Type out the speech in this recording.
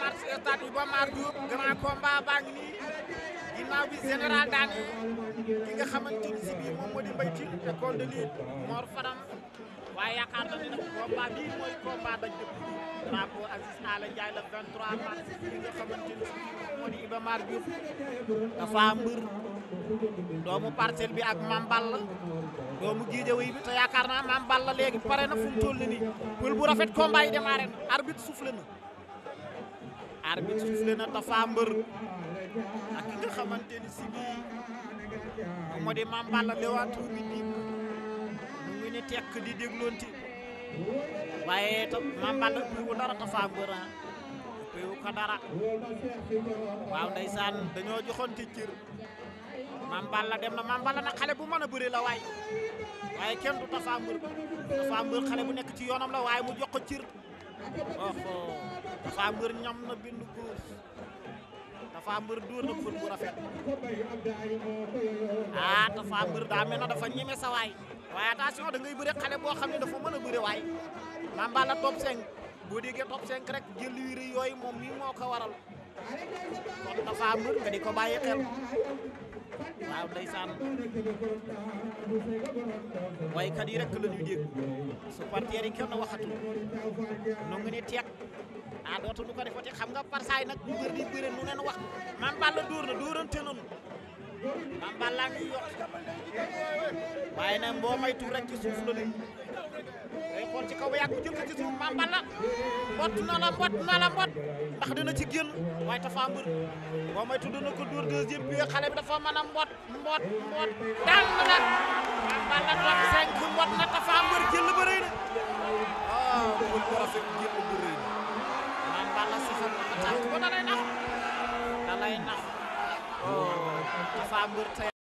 mars stade Iba Mar Diop grand combat baa ngi nii ginnaaw bi général daane ki nga xamante ni moom moo di Mbaye Tine école de lutte Mor Faram waaye yaakaar na ne nag combat bii mooy combat dañ dëpp drapeau Aziz Ala Ndiaye le 23 mars ki nga xamante moo di Iba Mar dafa mbër doomu parcelle bi ak mambal doomu géejaway te yaakaar naa mambal la léegi pare na fu mu toll nii pël bu rafet combat yi démarré na arbitre souffle na arbitre soufflé na Tapha Mbeur ak ki nga xamante ni si bii di Mame Balla Leewtoo bi di mu ngi ne tekk di dégloonte waaye tam Mame Balla wu dara Tapha Mbeur ah wu ko dara waaw ndeysaan dañoo joxonte cër Mame la dem na Mame Balla nag xale bu mën a bëre la waay waaye kenn du Tapha Mbeur xale bu nekk ci yoonam la waaye mu jox ko cër Tapha Mbeur ñam na bindu góos Tapha ah, dafa ñeme sa waay waaye attention da ngay bëre xale boo xam ne dafa mën a bëre waay lamba la top 5 boo déggee top 5 rek jël yu rëy yooyu moom mii moo ko waral kon Tapha Mbeur nga di ko bàyyi xel waaw ndeysaan waykat yi rek la ñuy dégg supporter yi kenn waxatul nu ne teeg ah dootuñu ko defati xam nga parsaay nag bu di bëre nu leen wax Mame Balla dóor na dóorante nañu Mame Balla ngi yokk waaye nag boo may tuur rek ci suuf la léegi day xool ci kaw yàgg jël ko ci suuf Mame Balla mbott na la mbott ndax dina ci génn waaye Tapha Mbeur boo may tudd na ko dóor deuxième bi xale bi dafa mën a mbott mbott mbott daan na nag Mame Balla toog cinq mbott na Tapha Mbeur jël ba rëy da lay nax da lay nax. Oh, Tapha Mbeur